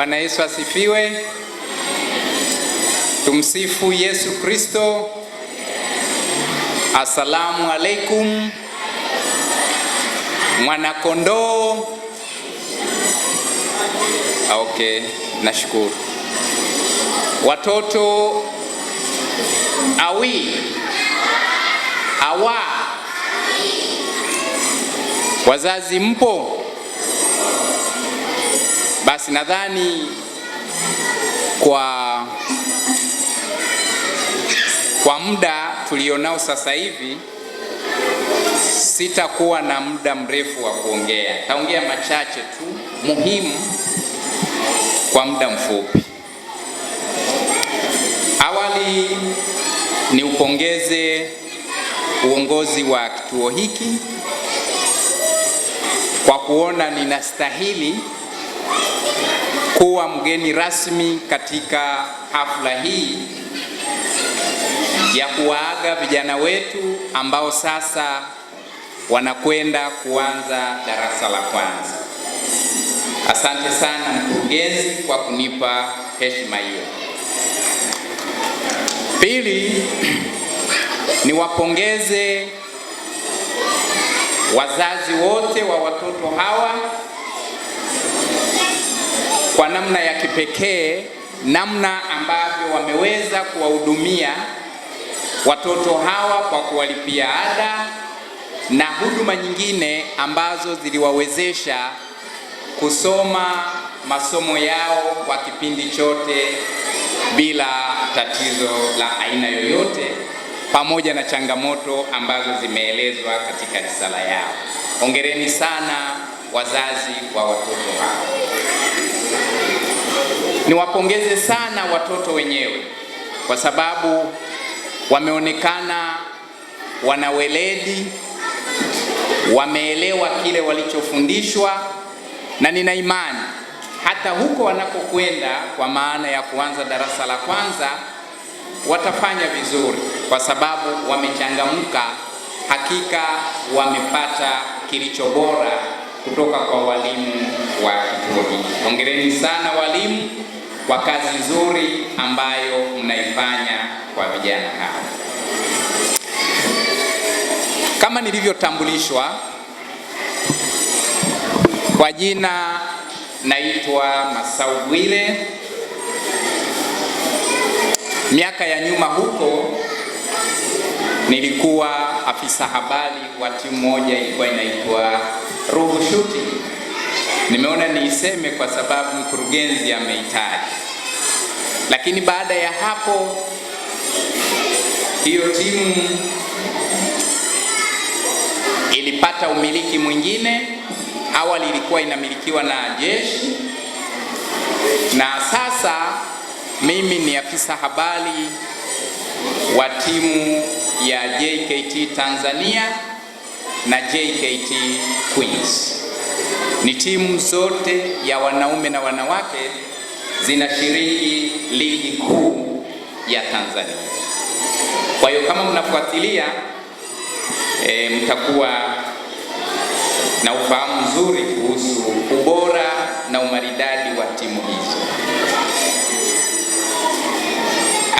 Bwana Yesu asifiwe. Tumsifu Yesu Kristo. Asalamu alaikum. Mwanakondoo. Okay, nashukuru. Watoto awi awa, wazazi mpo? Basi nadhani kwa, kwa muda tulionao sasa hivi sitakuwa na muda mrefu wa kuongea, taongea machache tu muhimu kwa muda mfupi. Awali ni upongeze uongozi wa kituo hiki kwa kuona ninastahili kuwa mgeni rasmi katika hafla hii ya kuwaaga vijana wetu ambao sasa wanakwenda kuanza darasa la kwanza. Asante sana mkurugenzi kwa kunipa heshima hiyo. Pili, niwapongeze wazazi wote wa watoto hawa kwa namna ya kipekee, namna ambavyo wameweza kuwahudumia watoto hawa kwa kuwalipia ada na huduma nyingine ambazo ziliwawezesha kusoma masomo yao kwa kipindi chote bila tatizo la aina yoyote, pamoja na changamoto ambazo zimeelezwa katika risala yao. Hongereni sana wazazi wa watoto hao. Niwapongeze sana watoto wenyewe kwa sababu wameonekana wana weledi, wameelewa kile walichofundishwa, na nina imani hata huko wanapokwenda kwa maana ya kuanza darasa la kwanza, watafanya vizuri kwa sababu wamechangamka. Hakika wamepata kilicho bora kutoka kwa walimu wa kituo hiki. Hongereni sana walimu kwa kazi nzuri ambayo mnaifanya kwa vijana hawa. Kama nilivyotambulishwa kwa jina, naitwa Masau Miaka ya nyuma huko nilikuwa afisa habari wa timu moja ilikuwa inaitwa ruhu Shooting. Nimeona niiseme kwa sababu mkurugenzi ameitaja, lakini baada ya hapo hiyo timu ilipata umiliki mwingine. Awali ilikuwa inamilikiwa na jeshi, na sasa mimi ni afisa habari wa timu ya JKT Tanzania na JKT Queens. Ni timu zote ya wanaume na wanawake zinashiriki ligi kuu ya Tanzania. Kwa hiyo kama mnafuatilia e, mtakuwa na ufahamu mzuri kuhusu ubora na umaridadi wa timu hizo.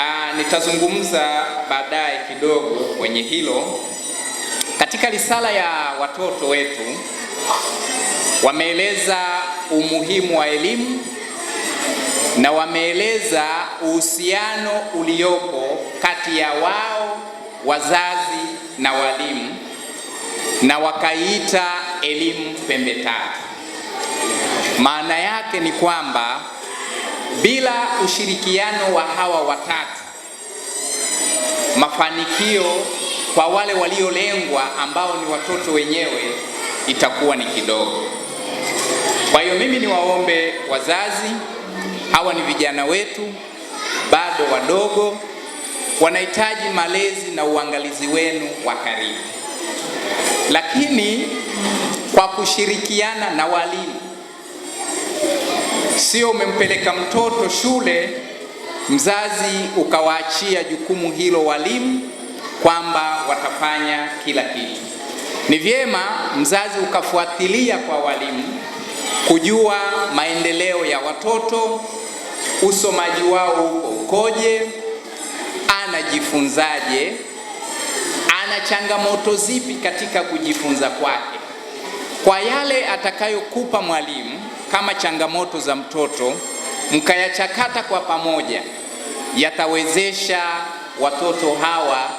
Ah, nitazungumza baadaye kidogo kwenye hilo. Katika risala ya watoto wetu Wameeleza umuhimu wa elimu na wameeleza uhusiano uliopo kati ya wao wazazi na walimu, na wakaiita elimu pembe tatu. Maana yake ni kwamba bila ushirikiano wa hawa watatu, mafanikio kwa wale waliolengwa ambao ni watoto wenyewe itakuwa ni kidogo. Kwa hiyo mimi niwaombe wazazi, hawa ni vijana wetu bado wadogo, wanahitaji malezi na uangalizi wenu wa karibu, lakini kwa kushirikiana na walimu. Sio umempeleka mtoto shule, mzazi ukawaachia jukumu hilo walimu kwamba watafanya kila kitu. Ni vyema mzazi ukafuatilia kwa walimu kujua maendeleo ya watoto, usomaji wao uko ukoje, anajifunzaje, ana changamoto zipi katika kujifunza kwake. Kwa yale atakayokupa mwalimu kama changamoto za mtoto, mkayachakata kwa pamoja, yatawezesha watoto hawa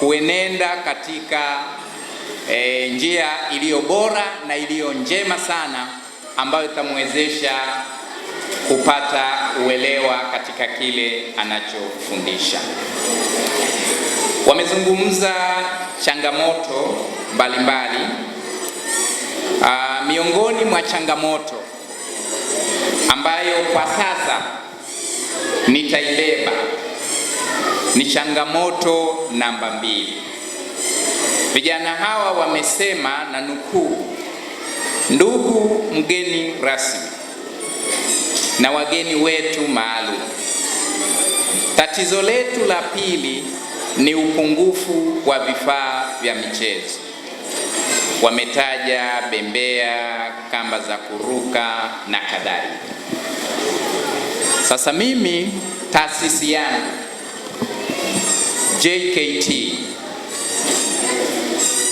kuenenda katika e, njia iliyo bora na iliyo njema sana ambayo itamwezesha kupata uelewa katika kile anachofundisha. Wamezungumza changamoto mbalimbali. Ah, miongoni mwa changamoto ambayo kwa sasa nitaibeba ni changamoto namba mbili. Vijana hawa wamesema na nukuu Ndugu mgeni rasmi na wageni wetu maalum, tatizo letu la pili ni upungufu wa vifaa vya michezo. Wametaja bembea, kamba za kuruka na kadhalika. Sasa mimi taasisi yangu JKT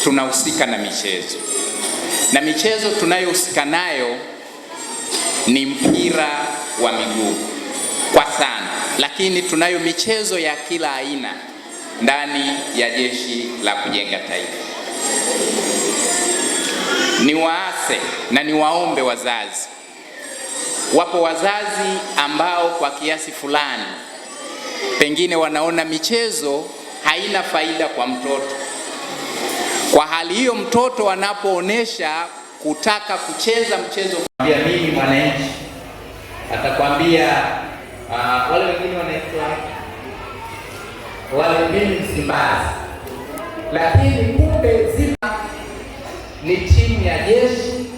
tunahusika na michezo na michezo tunayohusika nayo ni mpira wa miguu kwa sana, lakini tunayo michezo ya kila aina ndani ya Jeshi la Kujenga Taifa. Niwaase na niwaombe wazazi, wapo wazazi ambao kwa kiasi fulani pengine wanaona michezo haina faida kwa mtoto kwa hali hiyo, mtoto anapoonyesha kutaka kucheza mchezo, mimi mwananchi atakwambia uh, wale wengine wanaitwa wale mimi Msimbazi, lakini kumbe zima ni timu ya jeshi,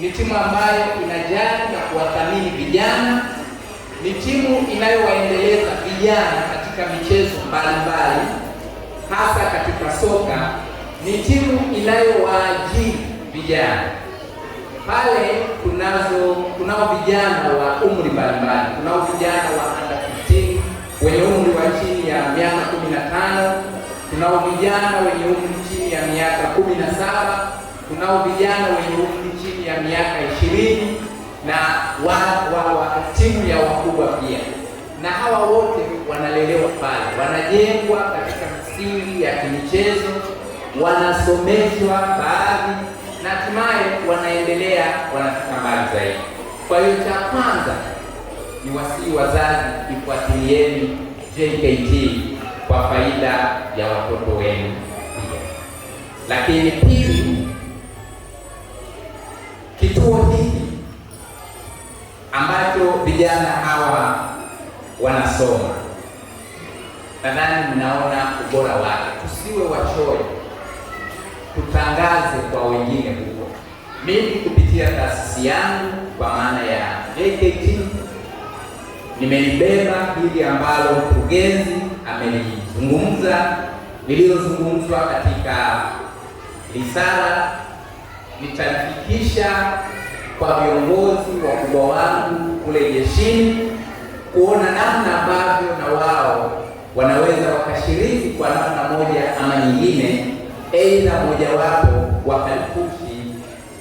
ni timu ambayo inajali na kuwathamini vijana, ni timu inayowaendeleza vijana katika michezo mbalimbali, hasa katika soka ni timu inayowaajiri vijana pale. Kunazo kunao vijana wa umri mbalimbali, kunao vijana wa under 15 wenye umri wa chini ya miaka 15, kunao vijana wenye umri chini ya miaka 17, kunao vijana wenye umri chini ya miaka 20 na wa, wa, wa timu ya wakubwa pia, na hawa wote wanalelewa pale, wanajengwa katika misingi ya kimichezo wanasomeshwa baadhi na hatimaye wanaendelea, wanafika mbali zaidi. Kwa hiyo cha kwanza ni wasii wazazi, ifuatilieni JKT kwa faida ya watoto wenu pia. Lakini pili, kituo hiki ambacho vijana hawa wanasoma, nadhani mnaona ubora wake. Tusiwe wachoyo tutangaze kwa wengine huko. Mimi kupitia taasisi yangu kwa maana ya JKT nimelibeba hili ambalo mkurugenzi amelizungumza, lililozungumzwa katika risala, nitafikisha kwa viongozi wakubwa wangu kule jeshini, kuona namna ambavyo na wao wanaweza wakashiriki kwa namna moja ama nyingine aidha mojawapo wa Kalkushi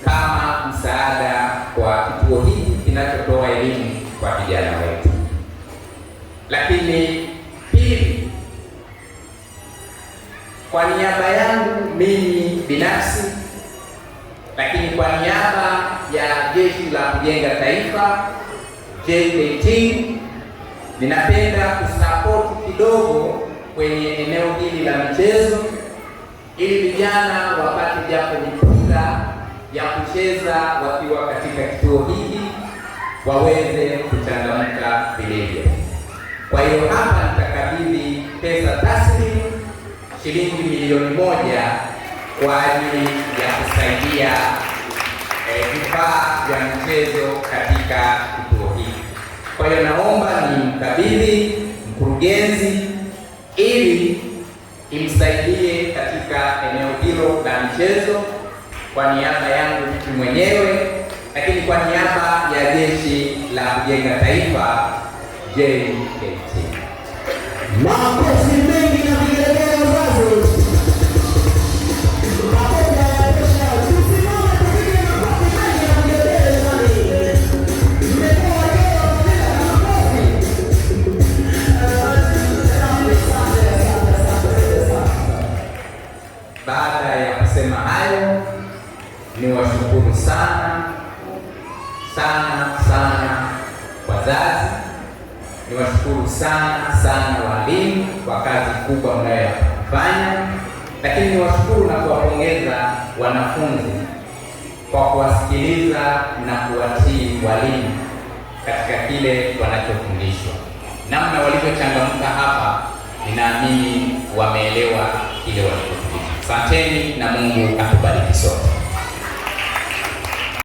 kama msaada kwa kituo hiki kinachotoa elimu kwa vijana wetu. Lakini pili, kwa niaba yangu mimi binafsi, lakini kwa niaba ya Jeshi la Kujenga Taifa JKT, ninapenda kusapoti kidogo kwenye eneo hili la michezo ili vijana wapate japo mipira ya kucheza wakiwa katika kituo hiki waweze kuchangamka vilivyo. Kwa hiyo hapa nitakabidhi pesa taslimu shilingi milioni moja kwa ajili ya kusaidia eh, vifaa e, vya mchezo katika kituo hiki. Kwa hiyo naomba ni mkabidhi mkurugenzi ili imsaidie katika eneo hilo la michezo, kwa niaba yangu mimi mwenyewe, lakini kwa niaba ya jeshi la kujenga taifa JKT. Niwashukuru sana sana walimu kwa kazi kubwa mnayoyafanya, lakini niwashukuru na kuwapongeza wanafunzi kwa kuwasikiliza na kuwatii walimu katika kile wanachofundishwa. Namna walivyochangamka hapa, ninaamini wameelewa kile walichofundishwa. Asanteni na Mungu akubariki sote.